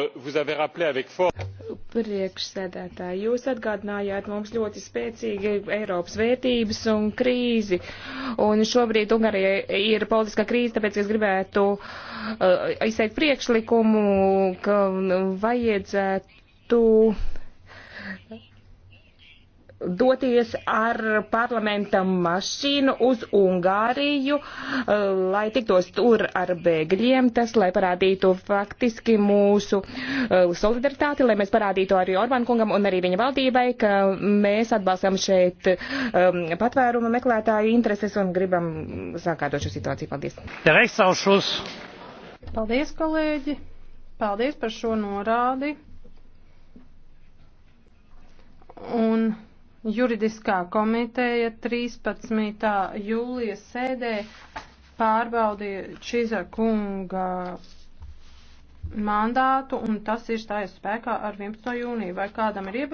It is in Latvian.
Euh, Priekšsēdētāji, jūs atgādinājāt mums ļoti spēcīgi Eiropas vērtības un krīzi. Un šobrīd Ungārija ir politiskā krīze, tāpēc es gribētu uh, izteikt priekšlikumu, ka vajadzētu doties ar parlamenta mašīnu uz Ungāriju, eh, lai tiktos tur ar bēgļiem, tas, lai parādītu faktiski mūsu eh, solidaritāti, lai mēs parādītu arī Orbán kungam un arī viņa valdībai, ka mēs atbalstam šeit um, patvērumu meklētāju intereses un gribam sākārtot šo situāciju. Paldies! Paldies, kolēģi! Paldies par šo norādi! Juridiskā komiteja 13. jūlijas sēdē pārbaudīja Čiza kunga mandātu, un tas ir stājies spēkā ar 11. jūniju. Vai kādam ir iebilst?